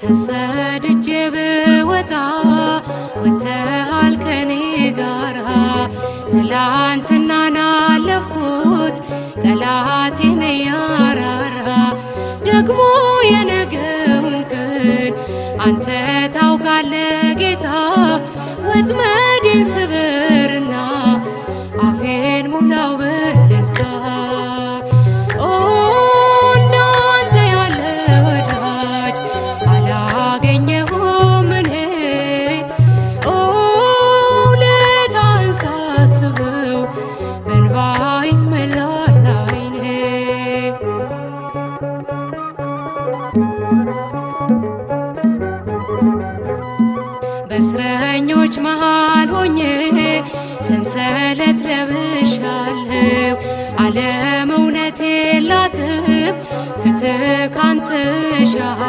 ተሰድጄ ብወጣ ወተሃል ከኔ ጋራ ትላንትና ናለፍኩት ጠላቴን ያራራ ደግሞ የነገውን ቀን አንተ ታውቃለህ ጌታ ወጥመዴን ስብ በእስረኞች መሃል ሆኜ ሰንሰለት ለብሻለሁ። ዓለም እውነት የላትም ፍትህ ካንተ